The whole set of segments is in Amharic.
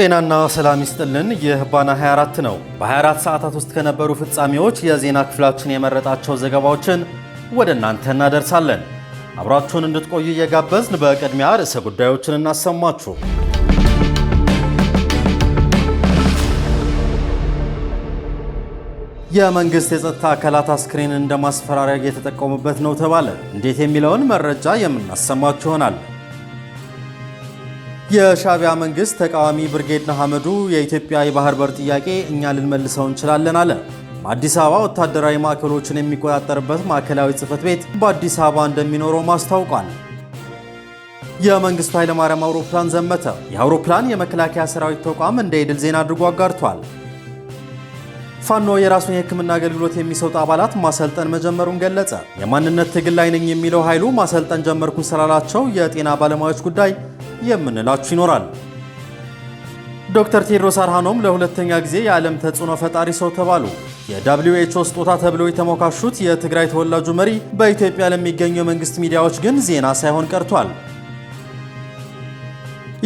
ጤናና ሰላም ይስጥልን። ይህ ባና 24 ነው። በ24 ሰዓታት ውስጥ ከነበሩ ፍጻሜዎች የዜና ክፍላችን የመረጣቸው ዘገባዎችን ወደ እናንተ እናደርሳለን። አብራችሁን እንድትቆዩ እየጋበዝን በቅድሚያ ርዕሰ ጉዳዮችን እናሰማችሁ። የመንግስት የጸጥታ አካላት አስክሬን እንደ ማስፈራሪያ እየተጠቀሙበት ነው ተባለ። እንዴት የሚለውን መረጃ የምናሰማችሁ ይሆናል። የሻቢያ መንግስት ተቃዋሚ ብርጌድ ንሓመዱ የኢትዮጵያ የባህር በር ጥያቄ እኛ ልንመልሰው እንችላለን አለ። አዲስ አበባ ወታደራዊ ማዕከሎችን የሚቆጣጠርበት ማዕከላዊ ጽህፈት ቤት በአዲስ አበባ እንደሚኖረው ማስታውቋል። የመንግስቱ ኃይለማርያም አውሮፕላን ዘመተ። የአውሮፕላን የመከላከያ ሰራዊት ተቋም እንደ የድል ዜና አድርጎ አጋርቷል። ፋኖ የራሱን የህክምና አገልግሎት የሚሰጡ አባላት ማሰልጠን መጀመሩን ገለጸ። የማንነት ትግል ላይ ነኝ የሚለው ኃይሉ ማሰልጠን ጀመርኩ ስላላቸው የጤና ባለሙያዎች ጉዳይ የምንላችሁ ይኖራል። ዶክተር ቴድሮስ አድሃኖም ለሁለተኛ ጊዜ የዓለም ተጽዕኖ ፈጣሪ ሰው ተባሉ። የደብሊው ኤች ኦ ስጦታ ተብለው የተሞካሹት የትግራይ ተወላጁ መሪ በኢትዮጵያ ለሚገኙ የመንግስት ሚዲያዎች ግን ዜና ሳይሆን ቀርቷል።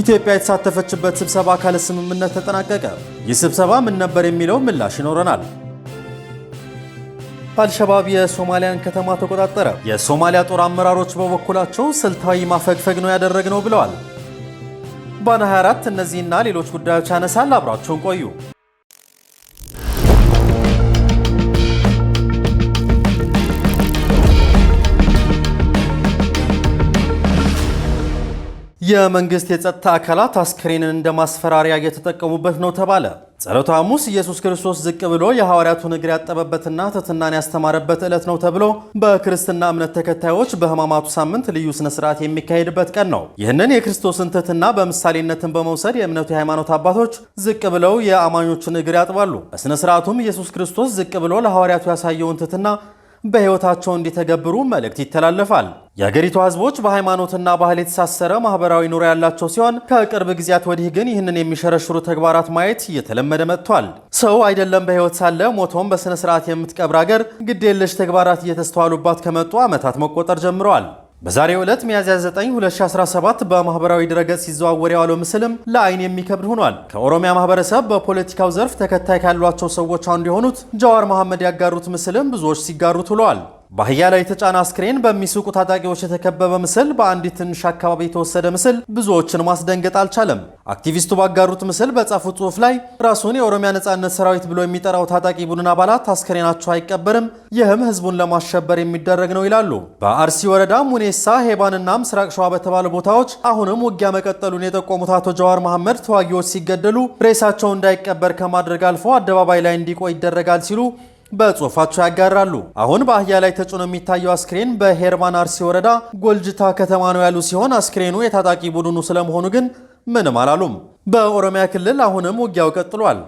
ኢትዮጵያ የተሳተፈችበት ስብሰባ አካለ ስምምነት ተጠናቀቀ። ይህ ስብሰባ ምን ነበር የሚለው ምላሽ ይኖረናል። አልሸባብ የሶማሊያን ከተማ ተቆጣጠረ። የሶማሊያ ጦር አመራሮች በበኩላቸው ስልታዊ ማፈግፈግ ነው ያደረግነው ብለዋል። ባና 24 እነዚህና ሌሎች ጉዳዮች ያነሳል። አብራችሁን ቆዩ። የመንግስት የጸጥታ አካላት አስክሬንን እንደ ማስፈራሪያ እየተጠቀሙበት ነው ተባለ። ጸሎተ ሐሙስ ኢየሱስ ክርስቶስ ዝቅ ብሎ የሐዋርያቱን እግር ያጠበበትና ትሕትናን ያስተማረበት ዕለት ነው ተብሎ በክርስትና እምነት ተከታዮች በሕማማቱ ሳምንት ልዩ ስነ ስርዓት የሚካሄድበት ቀን ነው። ይህንን የክርስቶስን ትሕትና በምሳሌነትን በመውሰድ የእምነቱ የሃይማኖት አባቶች ዝቅ ብለው የአማኞችን እግር ያጥባሉ። በሥነ ስርዓቱም ኢየሱስ ክርስቶስ ዝቅ ብሎ ለሐዋርያቱ ያሳየውን ትትና በሕይወታቸው እንዲተገብሩ መልእክት ይተላለፋል። የአገሪቱ ህዝቦች በሃይማኖትና ባህል የተሳሰረ ማህበራዊ ኑሮ ያላቸው ሲሆን ከቅርብ ጊዜያት ወዲህ ግን ይህንን የሚሸረሽሩ ተግባራት ማየት እየተለመደ መጥቷል። ሰው አይደለም በህይወት ሳለ ሞቶም በሥነ ሥርዓት የምትቀብር አገር ግዴለሽ ተግባራት እየተስተዋሉባት ከመጡ ዓመታት መቆጠር ጀምረዋል። በዛሬው ዕለት ሚያዝያ 9 2017 በማህበራዊ ድረገጽ ሲዘዋወር የዋለው ምስልም ለአይን የሚከብድ ሆኗል። ከኦሮሚያ ማህበረሰብ በፖለቲካው ዘርፍ ተከታይ ካሏቸው ሰዎች አንዱ የሆኑት ጃዋር መሐመድ ያጋሩት ምስልም ብዙዎች ሲጋሩት ውለዋል። በአህያ ላይ የተጫነ አስክሬን በሚስቁ ታጣቂዎች የተከበበ ምስል በአንዲት ትንሽ አካባቢ የተወሰደ ምስል ብዙዎችን ማስደንገጥ አልቻለም። አክቲቪስቱ ባጋሩት ምስል በጻፉት ጽሑፍ ላይ ራሱን የኦሮሚያ ነጻነት ሰራዊት ብሎ የሚጠራው ታጣቂ ቡድን አባላት አስክሬናቸው አይቀበርም፣ ይህም ህዝቡን ለማሸበር የሚደረግ ነው ይላሉ። በአርሲ ወረዳ ሙኔሳ፣ ሄባንና ምስራቅ ሸዋ በተባሉ ቦታዎች አሁንም ውጊያ መቀጠሉን የጠቆሙት አቶ ጀዋር መሐመድ ተዋጊዎች ሲገደሉ ሬሳቸው እንዳይቀበር ከማድረግ አልፎ አደባባይ ላይ እንዲቆይ ይደረጋል ሲሉ በጽሁፋቸው ያጋራሉ። አሁን በአህያ ላይ ተጭኖ የሚታየው አስክሬን በሄርማን አርሲ ወረዳ ጎልጅታ ከተማ ነው ያሉ ሲሆን አስክሬኑ የታጣቂ ቡድኑ ስለመሆኑ ግን ምንም አላሉም። በኦሮሚያ ክልል አሁንም ውጊያው ቀጥሏል።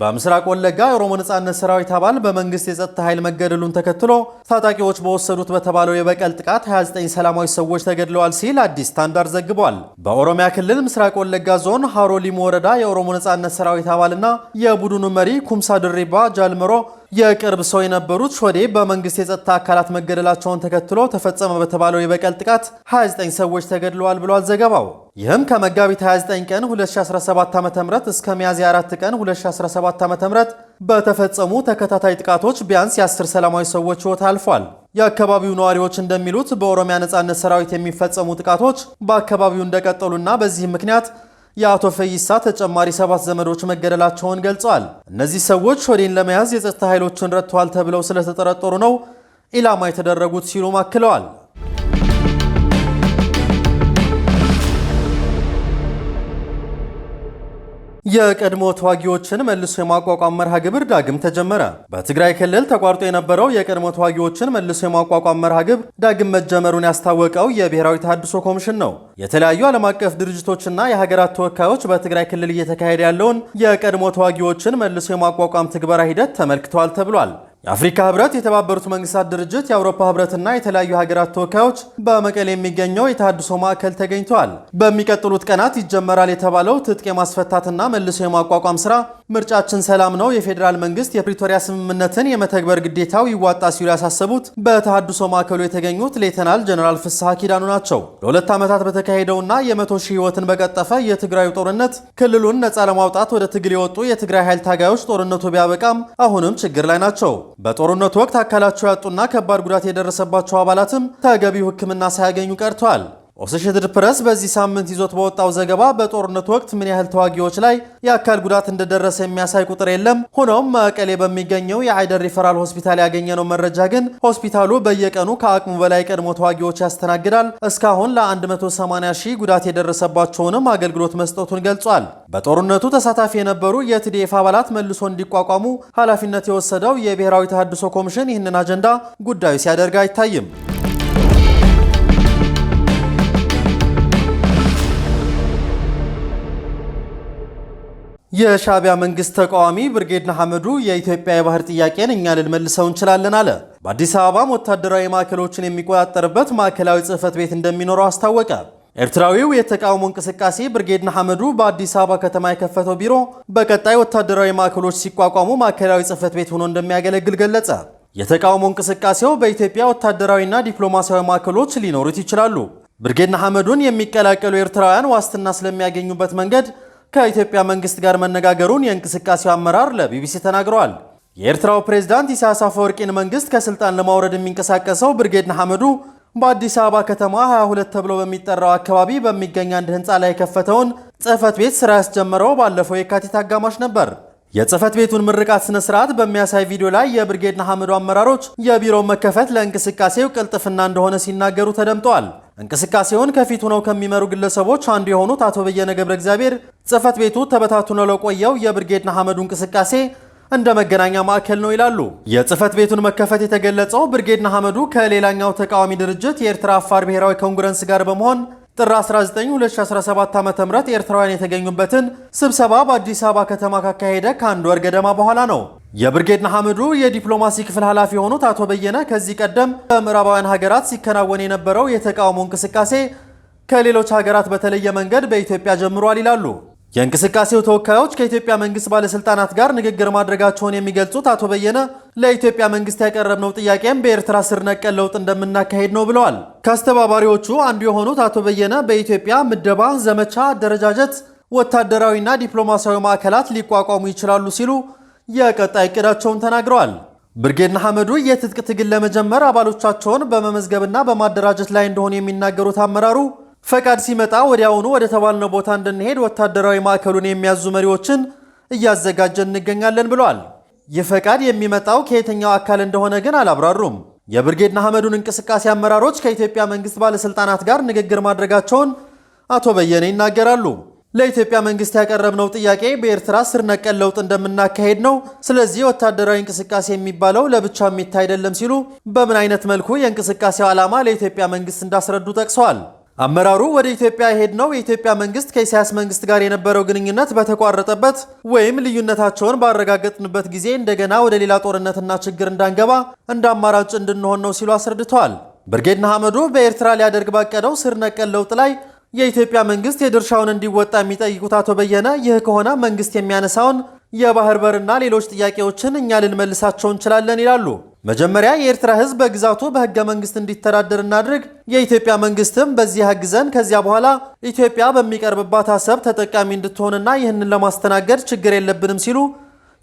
በምስራቅ ወለጋ የኦሮሞ ነጻነት ሰራዊት አባል በመንግስት የጸጥታ ኃይል መገደሉን ተከትሎ ታጣቂዎች በወሰዱት በተባለው የበቀል ጥቃት 29 ሰላማዊ ሰዎች ተገድለዋል ሲል አዲስ ስታንዳርድ ዘግቧል። በኦሮሚያ ክልል ምስራቅ ወለጋ ዞን ሃሮ ሊሙ ወረዳ የኦሮሞ ነጻነት ሰራዊት አባልና የቡድኑ መሪ ኩምሳ ድሪባ ጃልመሮ የቅርብ ሰው የነበሩት ሾዴ በመንግስት የጸጥታ አካላት መገደላቸውን ተከትሎ ተፈጸመ በተባለው የበቀል ጥቃት 29 ሰዎች ተገድለዋል ብሏል ዘገባው። ይህም ከመጋቢት 29 ቀን 2017 ዓ.ም እስከ ሚያዝያ 4 ቀን 2017 .ም በተፈጸሙ ተከታታይ ጥቃቶች ቢያንስ የአስር ሰላማዊ ሰዎች ሕይወት አልፏል። የአካባቢው ነዋሪዎች እንደሚሉት በኦሮሚያ ነጻነት ሰራዊት የሚፈጸሙ ጥቃቶች በአካባቢው እንደቀጠሉና በዚህም ምክንያት የአቶ ፈይሳ ተጨማሪ ሰባት ዘመዶች መገደላቸውን ገልጿል። እነዚህ ሰዎች ሾዴን ለመያዝ የጸጥታ ኃይሎችን ረድተዋል ተብለው ስለተጠረጠሩ ነው ኢላማ የተደረጉት ሲሉም አክለዋል። የቀድሞ ተዋጊዎችን መልሶ የማቋቋም መርሃ ግብር ዳግም ተጀመረ። በትግራይ ክልል ተቋርጦ የነበረው የቀድሞ ተዋጊዎችን መልሶ የማቋቋም መርሃ ግብር ዳግም መጀመሩን ያስታወቀው የብሔራዊ ተሃድሶ ኮሚሽን ነው። የተለያዩ ዓለም አቀፍ ድርጅቶችና የሀገራት ተወካዮች በትግራይ ክልል እየተካሄደ ያለውን የቀድሞ ተዋጊዎችን መልሶ የማቋቋም ትግበራ ሂደት ተመልክተዋል ተብሏል። የአፍሪካ ህብረት፣ የተባበሩት መንግስታት ድርጅት፣ የአውሮፓ ህብረትና የተለያዩ ሀገራት ተወካዮች በመቀሌ የሚገኘው የተሃድሶ ማዕከል ተገኝተዋል። በሚቀጥሉት ቀናት ይጀመራል የተባለው ትጥቅ የማስፈታትና መልሶ የማቋቋም ስራ ምርጫችን ሰላም ነው፣ የፌዴራል መንግስት የፕሪቶሪያ ስምምነትን የመተግበር ግዴታው ይዋጣ ሲሉ ያሳሰቡት በተሃድሶ ማዕከሉ የተገኙት ሌተናል ጀነራል ፍስሐ ኪዳኑ ናቸው። ለሁለት ዓመታት በተካሄደውና የመቶ ሺህ ህይወትን በቀጠፈ የትግራዩ ጦርነት ክልሉን ነፃ ለማውጣት ወደ ትግል የወጡ የትግራይ ኃይል ታጋዮች ጦርነቱ ቢያበቃም አሁንም ችግር ላይ ናቸው። በጦርነቱ ወቅት አካላቸው ያጡና ከባድ ጉዳት የደረሰባቸው አባላትም ተገቢው ሕክምና ሳያገኙ ቀርተዋል። አሶሺየትድ ፕረስ በዚህ ሳምንት ይዞት በወጣው ዘገባ በጦርነቱ ወቅት ምን ያህል ተዋጊዎች ላይ የአካል ጉዳት እንደደረሰ የሚያሳይ ቁጥር የለም። ሆኖም መቀሌ በሚገኘው የአይደር ሪፈራል ሆስፒታል ያገኘነው መረጃ ግን ሆስፒታሉ በየቀኑ ከአቅሙ በላይ ቀድሞ ተዋጊዎች ያስተናግዳል። እስካሁን ለ180 ሺህ ጉዳት የደረሰባቸውንም አገልግሎት መስጠቱን ገልጿል። በጦርነቱ ተሳታፊ የነበሩ የትዲኤፍ አባላት መልሶ እንዲቋቋሙ ኃላፊነት የወሰደው የብሔራዊ ተሃድሶ ኮሚሽን ይህንን አጀንዳ ጉዳዩ ሲያደርግ አይታይም። የሻቢያ መንግስት ተቃዋሚ ብርጌድ ንሓመዱ የኢትዮጵያ የባህር ጥያቄን እኛ ልንመልሰው እንችላለን አለ። በአዲስ አበባም ወታደራዊ ማዕከሎችን የሚቆጣጠርበት ማዕከላዊ ጽህፈት ቤት እንደሚኖረው አስታወቀ። ኤርትራዊው የተቃውሞ እንቅስቃሴ ብርጌድ ንሓመዱ በአዲስ አበባ ከተማ የከፈተው ቢሮ በቀጣይ ወታደራዊ ማዕከሎች ሲቋቋሙ ማዕከላዊ ጽህፈት ቤት ሆኖ እንደሚያገለግል ገለጸ። የተቃውሞ እንቅስቃሴው በኢትዮጵያ ወታደራዊና ዲፕሎማሲያዊ ማዕከሎች ሊኖሩት ይችላሉ። ብርጌድ ንሓመዱን የሚቀላቀሉ ኤርትራውያን ዋስትና ስለሚያገኙበት መንገድ ከኢትዮጵያ መንግስት ጋር መነጋገሩን የእንቅስቃሴው አመራር ለቢቢሲ ተናግረዋል። የኤርትራው ፕሬዝዳንት ኢሳያስ አፈወርቂን መንግስት ከስልጣን ለማውረድ የሚንቀሳቀሰው ብርጌድ ንሓመዱ በአዲስ አበባ ከተማ 22 ተብሎ በሚጠራው አካባቢ በሚገኝ አንድ ህንፃ ላይ የከፈተውን ጽህፈት ቤት ስራ ያስጀመረው ባለፈው የካቲት አጋማሽ ነበር። የጽህፈት ቤቱን ምርቃት ስነ ስርዓት በሚያሳይ ቪዲዮ ላይ የብርጌድ ንሓመዱ አመራሮች የቢሮው መከፈት ለእንቅስቃሴው ቅልጥፍና እንደሆነ ሲናገሩ ተደምጠዋል። እንቅስቃሴውን ከፊት ሆነው ከሚመሩ ግለሰቦች አንዱ የሆኑት አቶ በየነ ገብረ እግዚአብሔር ጽህፈት ቤቱ ተበታትኖ ለቆየው የብርጌድ ንሓመዱ እንቅስቃሴ እንደ መገናኛ ማዕከል ነው ይላሉ። የጽህፈት ቤቱን መከፈት የተገለጸው ብርጌድ ንሓመዱ ከሌላኛው ተቃዋሚ ድርጅት የኤርትራ አፋር ብሔራዊ ኮንግረንስ ጋር በመሆን ጥር 19 2017 ዓ.ም ኤርትራውያን የተገኙበትን ስብሰባ በአዲስ አበባ ከተማ ካካሄደ ከአንድ ወር ገደማ በኋላ ነው። የብርጌድ ሐምዱ የዲፕሎማሲ ክፍል ኃላፊ የሆኑት አቶ በየነ ከዚህ ቀደም በምዕራባውያን ሀገራት ሲከናወን የነበረው የተቃውሞ እንቅስቃሴ ከሌሎች ሀገራት በተለየ መንገድ በኢትዮጵያ ጀምሯል ይላሉ። የእንቅስቃሴው ተወካዮች ከኢትዮጵያ መንግስት ባለስልጣናት ጋር ንግግር ማድረጋቸውን የሚገልጹት አቶ በየነ ለኢትዮጵያ መንግስት ያቀረብነው ጥያቄም በኤርትራ ስር ነቀል ለውጥ እንደምናካሄድ ነው ብለዋል። ከአስተባባሪዎቹ አንዱ የሆኑት አቶ በየነ በኢትዮጵያ ምደባ፣ ዘመቻ፣ አደረጃጀት፣ ወታደራዊና ዲፕሎማሲያዊ ማዕከላት ሊቋቋሙ ይችላሉ ሲሉ የቀጣይ እቅዳቸውን ተናግረዋል። ብርጌድና ሐመዱ የትጥቅ ትግል ለመጀመር አባሎቻቸውን በመመዝገብና በማደራጀት ላይ እንደሆኑ የሚናገሩት አመራሩ ፈቃድ ሲመጣ ወዲያውኑ ወደ ተባልነው ቦታ እንድንሄድ ወታደራዊ ማዕከሉን የሚያዙ መሪዎችን እያዘጋጀን እንገኛለን ብለዋል። ይህ ፈቃድ የሚመጣው ከየትኛው አካል እንደሆነ ግን አላብራሩም። የብርጌድ ሐመዱን እንቅስቃሴ አመራሮች ከኢትዮጵያ መንግስት ባለሥልጣናት ጋር ንግግር ማድረጋቸውን አቶ በየነ ይናገራሉ። ለኢትዮጵያ መንግስት ያቀረብነው ጥያቄ በኤርትራ ስር ነቀል ለውጥ እንደምናካሄድ ነው። ስለዚህ ወታደራዊ እንቅስቃሴ የሚባለው ለብቻ የሚታይ አይደለም ሲሉ በምን አይነት መልኩ የእንቅስቃሴው ዓላማ ለኢትዮጵያ መንግስት እንዳስረዱ ጠቅሰዋል። አመራሩ ወደ ኢትዮጵያ ሄድ ነው የኢትዮጵያ መንግስት ከኢሳያስ መንግስት ጋር የነበረው ግንኙነት በተቋረጠበት ወይም ልዩነታቸውን ባረጋገጥንበት ጊዜ እንደገና ወደ ሌላ ጦርነትና ችግር እንዳንገባ እንደ አማራጭ እንድንሆን ነው ሲሉ አስረድተዋል። ብርጌድ ንሓመዱ በኤርትራ ሊያደርግ ባቀደው ስር ነቀል ለውጥ ላይ የኢትዮጵያ መንግስት የድርሻውን እንዲወጣ የሚጠይቁት አቶ በየነ ይህ ከሆነ መንግስት የሚያነሳውን የባህር በርና ሌሎች ጥያቄዎችን እኛ ልንመልሳቸው እንችላለን ይላሉ። መጀመሪያ የኤርትራ ህዝብ በግዛቱ በህገ መንግስት እንዲተዳደር እናድርግ፣ የኢትዮጵያ መንግስትም በዚህ አግዘን፣ ከዚያ በኋላ ኢትዮጵያ በሚቀርብባት ሀሰብ ተጠቃሚ እንድትሆንና ይህንን ለማስተናገድ ችግር የለብንም ሲሉ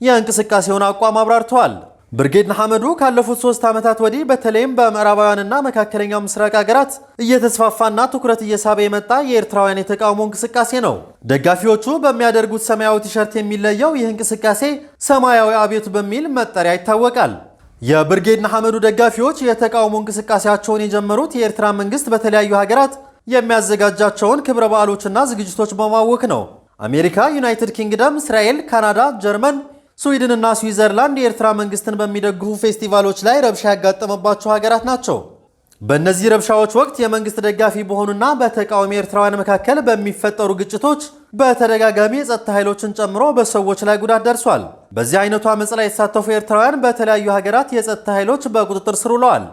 የእንቅስቃሴውን አቋም አብራርተዋል። ብርጌድ ንሓመዱ ካለፉት ሶስት ዓመታት ወዲህ በተለይም በምዕራባውያንና መካከለኛው ምስራቅ ሀገራት እየተስፋፋና ትኩረት እየሳበ የመጣ የኤርትራውያን የተቃውሞ እንቅስቃሴ ነው። ደጋፊዎቹ በሚያደርጉት ሰማያዊ ቲሸርት የሚለየው ይህ እንቅስቃሴ ሰማያዊ አብዮት በሚል መጠሪያ ይታወቃል። የብርጌድ ንሓመዱ ደጋፊዎች የተቃውሞ እንቅስቃሴያቸውን የጀመሩት የኤርትራ መንግስት በተለያዩ ሀገራት የሚያዘጋጃቸውን ክብረ በዓሎችና ዝግጅቶች በማወክ ነው። አሜሪካ፣ ዩናይትድ ኪንግደም፣ እስራኤል፣ ካናዳ፣ ጀርመን፣ ስዊድንና እና ስዊዘርላንድ የኤርትራ መንግስትን በሚደግፉ ፌስቲቫሎች ላይ ረብሻ ያጋጠመባቸው ሀገራት ናቸው። በእነዚህ ረብሻዎች ወቅት የመንግስት ደጋፊ በሆኑና በተቃዋሚ ኤርትራውያን መካከል በሚፈጠሩ ግጭቶች በተደጋጋሚ የጸጥታ ኃይሎችን ጨምሮ በሰዎች ላይ ጉዳት ደርሷል። በዚህ አይነቱ አመፅ ላይ የተሳተፉ ኤርትራውያን በተለያዩ ሀገራት የጸጥታ ኃይሎች በቁጥጥር ስር ውለዋል።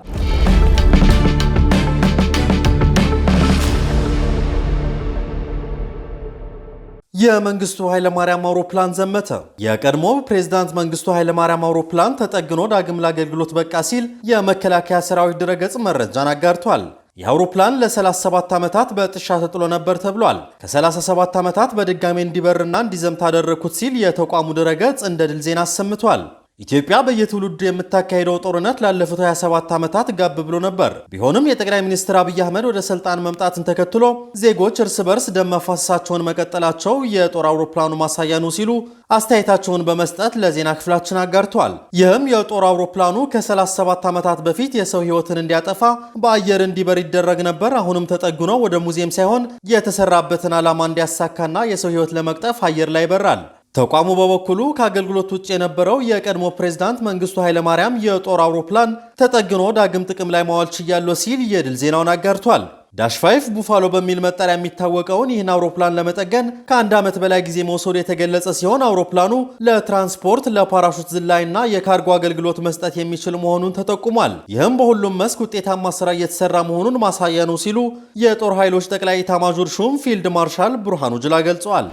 የመንግስቱ ኃይለማርያም አውሮፕላን ዘመተ። የቀድሞ ፕሬዝዳንት መንግስቱ ኃይለማርያም አውሮፕላን ተጠግኖ ዳግም ለአገልግሎት በቃ ሲል የመከላከያ ሰራዊት ድረገጽ መረጃን አጋርቷል። ይህ አውሮፕላን ለ37 ዓመታት በጥሻ ተጥሎ ነበር ተብሏል። ከ37 ዓመታት በድጋሜ እንዲበርና እንዲዘምት አደረግኩት ሲል የተቋሙ ድረገጽ እንደ ድል ዜና አሰምቷል። ኢትዮጵያ በየትውልዱ የምታካሄደው ጦርነት ላለፉት 27 ዓመታት ጋብ ብሎ ነበር። ቢሆንም የጠቅላይ ሚኒስትር አብይ አህመድ ወደ ስልጣን መምጣትን ተከትሎ ዜጎች እርስ በርስ ደም መፋሰሳቸውን መቀጠላቸው የጦር አውሮፕላኑ ማሳያ ነው ሲሉ አስተያየታቸውን በመስጠት ለዜና ክፍላችን አጋርቷል። ይህም የጦር አውሮፕላኑ ከ37 ዓመታት በፊት የሰው ሕይወትን እንዲያጠፋ በአየር እንዲበር ይደረግ ነበር፣ አሁንም ተጠግኖ ወደ ሙዚየም ሳይሆን የተሰራበትን ዓላማ እንዲያሳካና የሰው ሕይወት ለመቅጠፍ አየር ላይ ይበራል። ተቋሙ በበኩሉ ከአገልግሎት ውጭ የነበረው የቀድሞ ፕሬዝዳንት መንግስቱ ኃይለማርያም የጦር አውሮፕላን ተጠግኖ ዳግም ጥቅም ላይ ማዋል ችያለው ሲል የድል ዜናውን አጋርቷል። ዳሽ ፋይፍ ቡፋሎ በሚል መጠሪያ የሚታወቀውን ይህን አውሮፕላን ለመጠገን ከአንድ ዓመት በላይ ጊዜ መውሰዱ የተገለጸ ሲሆን አውሮፕላኑ ለትራንስፖርት፣ ለፓራሹት ዝላይና የካርጎ አገልግሎት መስጠት የሚችል መሆኑን ተጠቁሟል። ይህም በሁሉም መስክ ውጤታማ ስራ እየተሰራ መሆኑን ማሳያ ነው ሲሉ የጦር ኃይሎች ጠቅላይ ኢታማዦር ሹም ፊልድ ማርሻል ብርሃኑ ጅላ ገልጸዋል።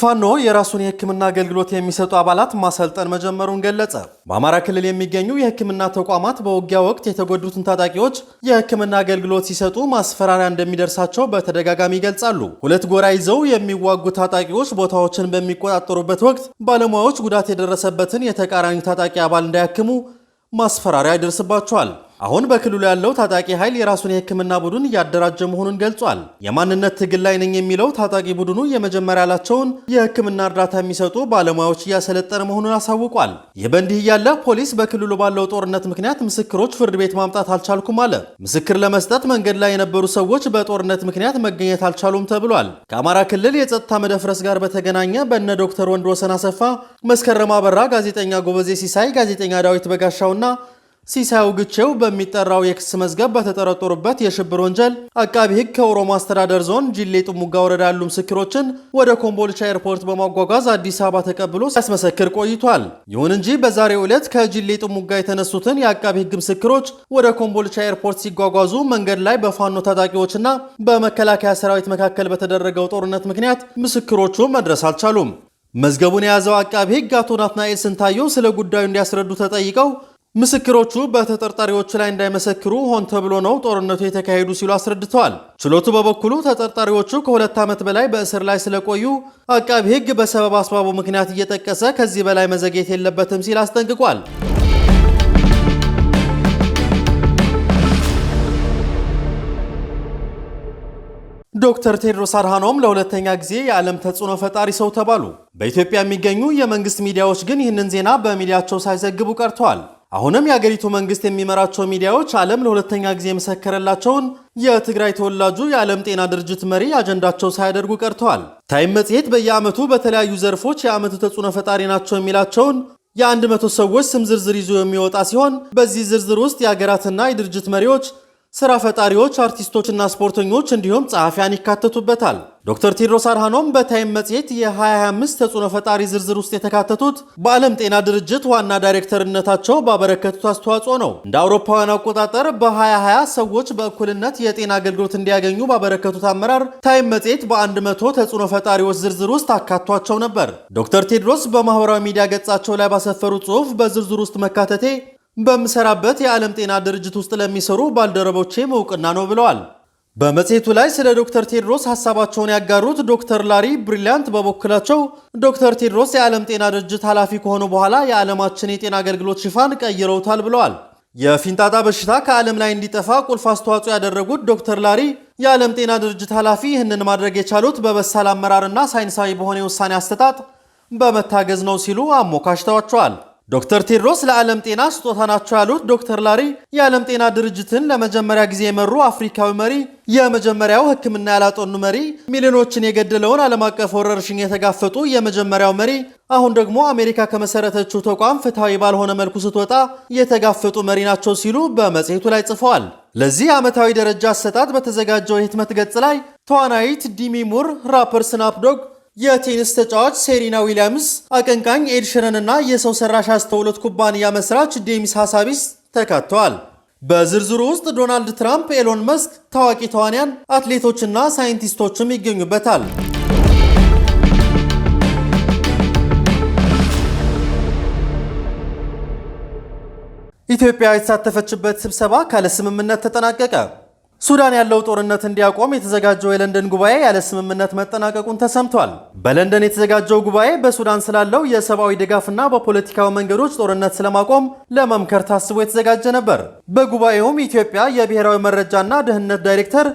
ፋኖ የራሱን የሕክምና አገልግሎት የሚሰጡ አባላት ማሰልጠን መጀመሩን ገለጸ። በአማራ ክልል የሚገኙ የሕክምና ተቋማት በውጊያ ወቅት የተጎዱትን ታጣቂዎች የሕክምና አገልግሎት ሲሰጡ ማስፈራሪያ እንደሚደርሳቸው በተደጋጋሚ ይገልጻሉ። ሁለት ጎራ ይዘው የሚዋጉ ታጣቂዎች ቦታዎችን በሚቆጣጠሩበት ወቅት ባለሙያዎች ጉዳት የደረሰበትን የተቃራኒ ታጣቂ አባል እንዳያክሙ ማስፈራሪያ ይደርስባቸዋል። አሁን በክልሉ ያለው ታጣቂ ኃይል የራሱን የሕክምና ቡድን እያደራጀ መሆኑን ገልጿል። የማንነት ትግል ላይ ነኝ የሚለው ታጣቂ ቡድኑ የመጀመሪያ ያላቸውን የሕክምና እርዳታ የሚሰጡ ባለሙያዎች እያሰለጠነ መሆኑን አሳውቋል። ይህ በእንዲህ እያለ ፖሊስ በክልሉ ባለው ጦርነት ምክንያት ምስክሮች ፍርድ ቤት ማምጣት አልቻልኩም አለ። ምስክር ለመስጠት መንገድ ላይ የነበሩ ሰዎች በጦርነት ምክንያት መገኘት አልቻሉም ተብሏል። ከአማራ ክልል የጸጥታ መደፍረስ ጋር በተገናኘ በነ ዶክተር ወንድወሰን አሰፋ፣ መስከረም አበራ፣ ጋዜጠኛ ጎበዜ ሲሳይ፣ ጋዜጠኛ ዳዊት በጋሻውና ሲሳይ በሚጠራው የክስ መዝገብ በተጠረጠሩበት የሽብር ወንጀል አቃቢ ሕግ ከኦሮሞ አስተዳደር ዞን ጅሌ ጥሙጋ ወረዳ ያሉ ምስክሮችን ወደ ኮምቦልቻ ኤርፖርት በማጓጓዝ አዲስ አበባ ተቀብሎ ሲያስመሰክር ቆይቷል። ይሁን እንጂ በዛሬው ዕለት ከጅሌ ጥሙጋ የተነሱትን የአቃቢ ሕግ ምስክሮች ወደ ኮምቦልቻ ኤርፖርት ሲጓጓዙ መንገድ ላይ በፋኖ ታጣቂዎችና በመከላከያ ሰራዊት መካከል በተደረገው ጦርነት ምክንያት ምስክሮቹ መድረስ አልቻሉም። መዝገቡን የያዘው አቃቢ ሕግ አቶ ናትናኤል ስንታየው ስለ ጉዳዩ እንዲያስረዱ ተጠይቀው ምስክሮቹ በተጠርጣሪዎች ላይ እንዳይመሰክሩ ሆን ተብሎ ነው ጦርነቱ የተካሄዱ ሲሉ አስረድተዋል። ችሎቱ በበኩሉ ተጠርጣሪዎቹ ከሁለት ዓመት በላይ በእስር ላይ ስለቆዩ አቃቢ ሕግ በሰበብ አስባቡ ምክንያት እየጠቀሰ ከዚህ በላይ መዘግየት የለበትም ሲል አስጠንቅቋል። ዶክተር ቴድሮስ አድሃኖም ለሁለተኛ ጊዜ የዓለም ተጽዕኖ ፈጣሪ ሰው ተባሉ። በኢትዮጵያ የሚገኙ የመንግሥት ሚዲያዎች ግን ይህንን ዜና በሚዲያቸው ሳይዘግቡ ቀርተዋል። አሁንም የአገሪቱ መንግስት የሚመራቸው ሚዲያዎች ዓለም ለሁለተኛ ጊዜ የመሰከረላቸውን የትግራይ ተወላጁ የዓለም ጤና ድርጅት መሪ አጀንዳቸው ሳያደርጉ ቀርተዋል። ታይም መጽሔት በየዓመቱ በተለያዩ ዘርፎች የዓመቱ ተጽዕኖ ፈጣሪ ናቸው የሚላቸውን የአንድ መቶ ሰዎች ስም ዝርዝር ይዞ የሚወጣ ሲሆን በዚህ ዝርዝር ውስጥ የአገራትና የድርጅት መሪዎች ስራ ፈጣሪዎች፣ አርቲስቶችና ስፖርተኞች እንዲሁም ጸሐፊያን ይካተቱበታል። ዶክተር ቴድሮስ አድሃኖም በታይም መጽሔት የ2025 ተጽዕኖ ፈጣሪ ዝርዝር ውስጥ የተካተቱት በዓለም ጤና ድርጅት ዋና ዳይሬክተርነታቸው ባበረከቱት አስተዋጽኦ ነው። እንደ አውሮፓውያን አቆጣጠር በ2020 ሰዎች በእኩልነት የጤና አገልግሎት እንዲያገኙ ባበረከቱት አመራር ታይም መጽሔት በ100 ተጽዕኖ ፈጣሪዎች ዝርዝር ውስጥ አካቷቸው ነበር። ዶክተር ቴድሮስ በማኅበራዊ ሚዲያ ገጻቸው ላይ ባሰፈሩት ጽሑፍ በዝርዝር ውስጥ መካተቴ በምሰራበት የዓለም ጤና ድርጅት ውስጥ ለሚሰሩ ባልደረቦቼ እውቅና ነው ብለዋል። በመጽሔቱ ላይ ስለ ዶክተር ቴድሮስ ሀሳባቸውን ያጋሩት ዶክተር ላሪ ብሪሊያንት በበኩላቸው ዶክተር ቴድሮስ የዓለም ጤና ድርጅት ኃላፊ ከሆኑ በኋላ የዓለማችን የጤና አገልግሎት ሽፋን ቀይረውታል ብለዋል። የፊንጣጣ በሽታ ከዓለም ላይ እንዲጠፋ ቁልፍ አስተዋጽኦ ያደረጉት ዶክተር ላሪ የዓለም ጤና ድርጅት ኃላፊ ይህንን ማድረግ የቻሉት በበሳል አመራርና ሳይንሳዊ በሆነ ውሳኔ አሰጣጥ በመታገዝ ነው ሲሉ አሞካሽተዋቸዋል። ዶክተር ቴድሮስ ለዓለም ጤና ስጦታ ናቸው ያሉት ዶክተር ላሪ የዓለም ጤና ድርጅትን ለመጀመሪያ ጊዜ የመሩ አፍሪካዊ መሪ፣ የመጀመሪያው ሕክምና ያላጠኑ መሪ፣ ሚሊዮኖችን የገደለውን ዓለም አቀፍ ወረርሽኝ የተጋፈጡ የመጀመሪያው መሪ፣ አሁን ደግሞ አሜሪካ ከመሰረተችው ተቋም ፍትሐዊ ባልሆነ መልኩ ስትወጣ የተጋፈጡ መሪ ናቸው ሲሉ በመጽሔቱ ላይ ጽፈዋል። ለዚህ ዓመታዊ ደረጃ አሰጣጥ በተዘጋጀው የህትመት ገጽ ላይ ተዋናይት ዲሚ ሙር፣ ራፐር ስናፕዶግ የቴኒስ ተጫዋች ሴሪና ዊሊያምስ አቀንቃኝ ኤድሽረን እና የሰው ሰራሽ አስተውሎት ኩባንያ መስራች ዴሚስ ሀሳቢስ ተካተዋል። በዝርዝሩ ውስጥ ዶናልድ ትራምፕ፣ ኤሎን መስክ፣ ታዋቂ ተዋንያን፣ አትሌቶችና ሳይንቲስቶችም ይገኙበታል። ኢትዮጵያ የተሳተፈችበት ስብሰባ ካለ ስምምነት ተጠናቀቀ። ሱዳን ያለው ጦርነት እንዲያቆም የተዘጋጀው የለንደን ጉባኤ ያለ ስምምነት መጠናቀቁን ተሰምቷል። በለንደን የተዘጋጀው ጉባኤ በሱዳን ስላለው የሰብአዊ ድጋፍና በፖለቲካዊ መንገዶች ጦርነት ስለማቆም ለመምከር ታስቦ የተዘጋጀ ነበር። በጉባኤውም ኢትዮጵያ የብሔራዊ መረጃና ደህንነት ዳይሬክተር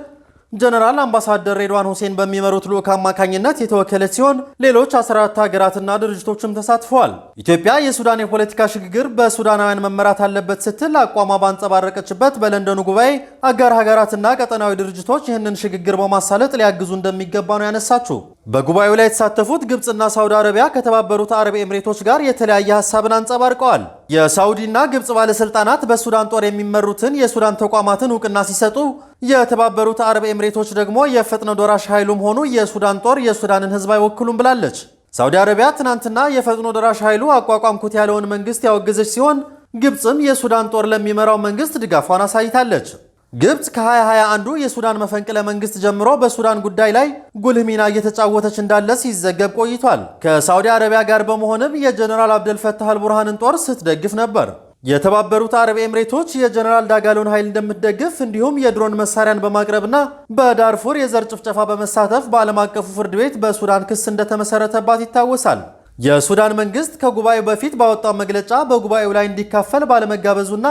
ጀነራል አምባሳደር ሬድዋን ሁሴን በሚመሩት ልዑክ አማካኝነት የተወከለች ሲሆን ሌሎች 14 ሀገራትና ድርጅቶችም ተሳትፈዋል። ኢትዮጵያ የሱዳን የፖለቲካ ሽግግር በሱዳናውያን መመራት አለበት ስትል አቋሟ ባንጸባረቀችበት በለንደኑ ጉባኤ አጋር ሀገራትና ቀጠናዊ ድርጅቶች ይህንን ሽግግር በማሳለጥ ሊያግዙ እንደሚገባ ነው ያነሳችው። በጉባኤው ላይ የተሳተፉት ግብፅና ሳውዲ አረቢያ ከተባበሩት አረብ ኤምሬቶች ጋር የተለያየ ሀሳብን አንጸባርቀዋል። የሳውዲና ግብፅ ባለስልጣናት በሱዳን ጦር የሚመሩትን የሱዳን ተቋማትን እውቅና ሲሰጡ፣ የተባበሩት አረብ ኤምሬቶች ደግሞ የፈጥኖ ደራሽ ኃይሉም ሆኑ የሱዳን ጦር የሱዳንን ሕዝብ አይወክሉም ብላለች። ሳውዲ አረቢያ ትናንትና የፈጥኖ ደራሽ ኃይሉ አቋቋምኩት ያለውን መንግስት ያወገዘች ሲሆን፣ ግብፅም የሱዳን ጦር ለሚመራው መንግስት ድጋፏን አሳይታለች። ግብፅ ከ 2021 የሱዳን መፈንቅለ መንግስት ጀምሮ በሱዳን ጉዳይ ላይ ጉልህ ሚና እየተጫወተች እንዳለ ሲዘገብ ቆይቷል። ከሳውዲ አረቢያ ጋር በመሆንም የጀኔራል አብደልፈታህ አልቡርሃንን ጦር ስትደግፍ ነበር። የተባበሩት አረብ ኤምሬቶች የጀነራል ዳጋሎን ኃይል እንደምትደግፍ እንዲሁም የድሮን መሳሪያን በማቅረብና በዳርፉር የዘር ጭፍጨፋ በመሳተፍ በዓለም አቀፉ ፍርድ ቤት በሱዳን ክስ እንደተመሰረተባት ይታወሳል። የሱዳን መንግስት ከጉባኤው በፊት ባወጣው መግለጫ በጉባኤው ላይ እንዲካፈል ባለመጋበዙና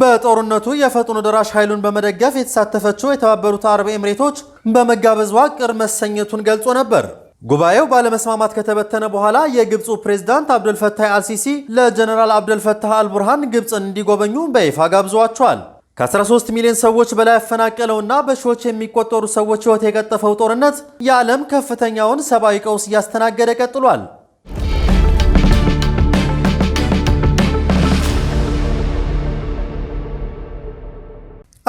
በጦርነቱ የፈጥኖ ደራሽ ኃይሉን በመደገፍ የተሳተፈችው የተባበሩት አረብ ኤምሬቶች በመጋበዝዋ ቅር መሰኘቱን ገልጾ ነበር። ጉባኤው ባለመስማማት ከተበተነ በኋላ የግብፁ ፕሬዝዳንት አብደልፈታህ አልሲሲ ለጀነራል አብደልፈታህ አልቡርሃን ግብፅን እንዲጎበኙ በይፋ ጋብዘዋቸዋል። ከ13 ሚሊዮን ሰዎች በላይ ያፈናቀለውና በሺዎች የሚቆጠሩ ሰዎች ሕይወት የቀጠፈው ጦርነት የዓለም ከፍተኛውን ሰብአዊ ቀውስ እያስተናገደ ቀጥሏል።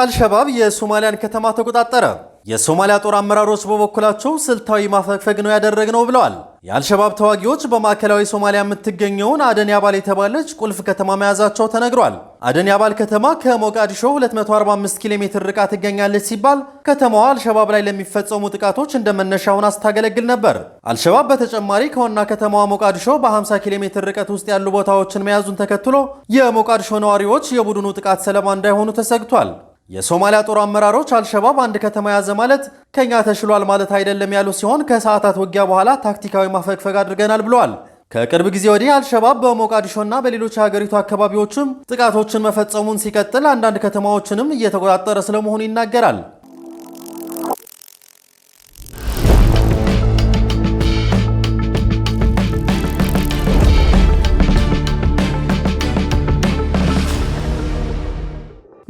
አልሸባብ የሶማሊያን ከተማ ተቆጣጠረ። የሶማሊያ ጦር አመራሮች በበኩላቸው ስልታዊ ማፈግፈግ ነው ያደረግነው ብለዋል። የአልሸባብ ተዋጊዎች በማዕከላዊ ሶማሊያ የምትገኘውን አደን ያባል የተባለች ቁልፍ ከተማ መያዛቸው ተነግሯል። አደን ያባል ከተማ ከሞቃዲሾ 245 ኪሎ ሜትር ርቃ ትገኛለች ሲባል ከተማዋ አልሸባብ ላይ ለሚፈጸሙ ጥቃቶች እንደ መነሻ ሆና ስታገለግል ነበር። አልሸባብ በተጨማሪ ከዋና ከተማዋ ሞቃዲሾ በ50 ኪሎ ሜትር ርቀት ውስጥ ያሉ ቦታዎችን መያዙን ተከትሎ የሞቃዲሾ ነዋሪዎች የቡድኑ ጥቃት ሰለባ እንዳይሆኑ ተሰግቷል። የሶማሊያ ጦር አመራሮች አልሸባብ አንድ ከተማ ያዘ ማለት ከኛ ተሽሏል ማለት አይደለም ያሉ ሲሆን ከሰዓታት ውጊያ በኋላ ታክቲካዊ ማፈግፈግ አድርገናል ብለዋል። ከቅርብ ጊዜ ወዲህ አልሸባብ በሞቃዲሾና በሌሎች የሀገሪቱ አካባቢዎችም ጥቃቶችን መፈጸሙን ሲቀጥል አንዳንድ ከተማዎችንም እየተቆጣጠረ ስለመሆኑ ይናገራል።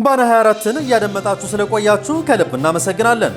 ባና 24ን እያደመጣችሁ ስለቆያችሁ ከልብ እናመሰግናለን።